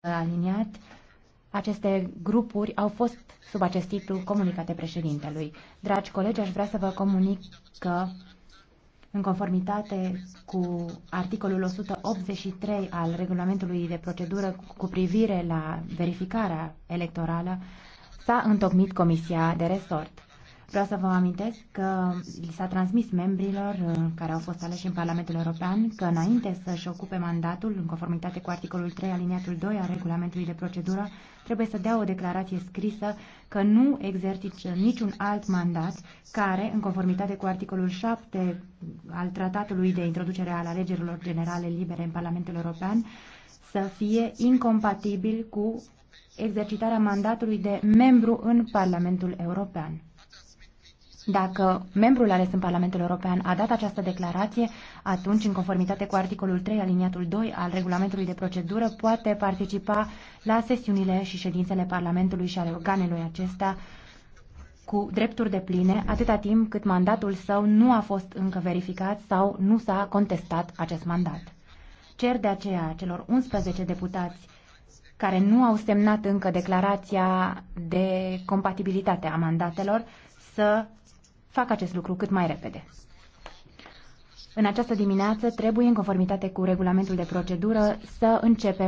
aliniat, aceste grupuri au fost sub acest titlu comunicate președintelui. Dragi colegi, aș vrea să vă comunic că în conformitate cu articolul 183 al regulamentului de procedură cu privire la verificarea electorală, s-a întocmit Comisia de Resort. Vreau să vă amintesc că li s-a transmis membrilor uh, care au fost aleși în Parlamentul European că înainte să-și ocupe mandatul, în conformitate cu articolul 3 aliniatul 2 al regulamentului de procedură, trebuie să dea o declarație scrisă că nu exercită niciun alt mandat care, în conformitate cu articolul 7 al Tratatului de introducere al alegerilor generale libere în Parlamentul European, să fie incompatibil cu exercitarea mandatului de membru în Parlamentul European. Dacă membrul ales în Parlamentul European a dat această declarație, atunci, în conformitate cu articolul 3 aliniatul 2 al regulamentului de procedură, poate participa la sesiunile și ședințele Parlamentului și ale organelui acesta cu drepturi de pline, atâta timp cât mandatul său nu a fost încă verificat sau nu s-a contestat acest mandat. Cer de aceea celor 11 deputați care nu au semnat încă declarația de compatibilitate a mandatelor să fac acest lucru cât mai repede. În această dimineață trebuie, în conformitate cu regulamentul de procedură, să începem